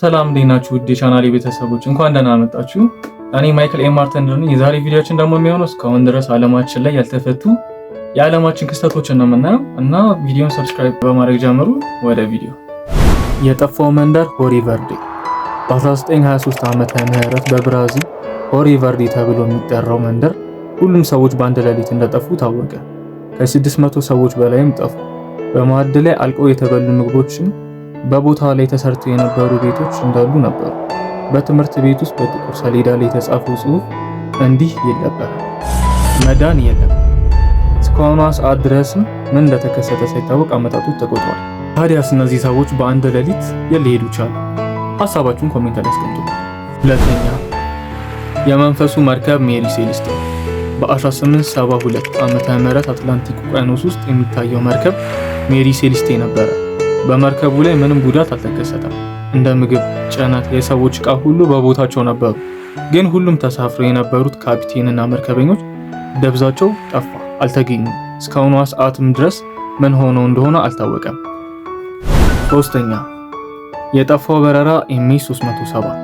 ሰላም ዴናችሁ ውድ የቻናሌ ቤተሰቦች እንኳን ደህና መጣችሁ። እኔ ማይክል ኤ ማርተን ነኝ። የዛሬ ቪዲዮችን ደግሞ የሚሆነው እስካሁን ድረስ ዓለማችን ላይ ያልተፈቱ የዓለማችን ክስተቶችን ነው የምናየው እና ቪዲዮን ሰብስክራይብ በማድረግ ጀምሩ። ወደ ቪዲዮ የጠፋው መንደር ሆሪ ቨርዴ በ1923 ዓመተ ምህረት በብራዚል ሆሪ ቨርዴ ተብሎ የሚጠራው መንደር ሁሉም ሰዎች በአንድ ሌሊት እንደጠፉ ታወቀ። ከ600 ሰዎች በላይም ጠፉ። በማዕድ ላይ አልቀው የተበሉ ምግቦችን በቦታ ላይ ተሰርተው የነበሩ ቤቶች እንዳሉ ነበሩ። በትምህርት ቤት ውስጥ በጥቁር ሰሌዳ ላይ የተጻፈው ጽሑፍ እንዲህ ይል ነበር፣ መዳን የለም። እስካሁኗ ሰዓት ድረስም ምን እንደተከሰተ ሳይታወቅ ዓመታቶች ተቆጥሯል። ታዲያስ እነዚህ ሰዎች በአንድ ሌሊት የት ሊሄዱ ቻሉ? ሐሳባችሁን ኮሜንት ላይ አስቀምጡ። ሁለተኛ የመንፈሱ መርከብ ሜሪ ሴሊስቲን በ1872 ዓመተ ምህረት አትላንቲክ ውቅያኖስ ውስጥ የሚታየው መርከብ ሜሪ ሴሊስቴ ነበረ። በመርከቡ ላይ ምንም ጉዳት አልተከሰተም። እንደ ምግብ፣ ጭነት፣ የሰዎች ዕቃ ሁሉ በቦታቸው ነበሩ። ግን ሁሉም ተሳፍረው የነበሩት ካፒቴንና መርከበኞች ደብዛቸው ጠፋ፣ አልተገኙም። እስካሁኗ ሰዓትም ድረስ ምን ሆነው እንደሆነ አልታወቀም። ሶስተኛ የጠፋው በረራ ኤምኤስ 307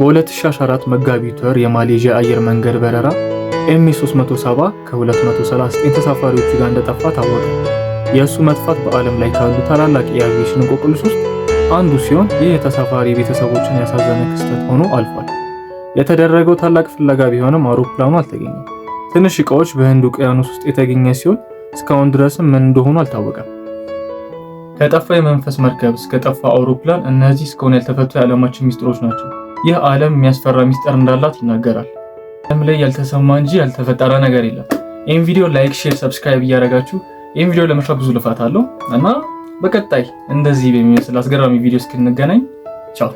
በ2014 መጋቢት ወር የማሌዥያ አየር መንገድ በረራ ኤምኤስ 307 ከ239 ተሳፋሪዎቹ ጋር እንደጠፋ ታወቀ። የእሱ መጥፋት በዓለም ላይ ካሉ ታላላቅ የአቪዬሽን እንቆቅልሽ ውስጥ አንዱ ሲሆን ይህ የተሳፋሪ ቤተሰቦችን ያሳዘነ ክስተት ሆኖ አልፏል። የተደረገው ታላቅ ፍለጋ ቢሆንም አውሮፕላኑ አልተገኘም። ትንሽ እቃዎች በህንድ ውቅያኖስ ውስጥ የተገኘ ሲሆን እስካሁን ድረስም ምን እንደሆኑ አልታወቀም። ከጠፋ የመንፈስ መርከብ እስከ ጠፋ አውሮፕላን እነዚህ እስካሁን ያልተፈቱ የዓለማችን ሚስጥሮች ናቸው። ይህ ዓለም የሚያስፈራ ሚስጥር እንዳላት ይናገራል። ዓለም ላይ ያልተሰማ እንጂ ያልተፈጠረ ነገር የለም። ይህም ቪዲዮ ላይክ፣ ሼር፣ ሰብስክራይብ እያደረጋችሁ ይህን ቪዲዮ ለመስራት ብዙ ልፋት አለው እና በቀጣይ እንደዚህ በሚመስል አስገራሚ ቪዲዮ እስክንገናኝ ቻው።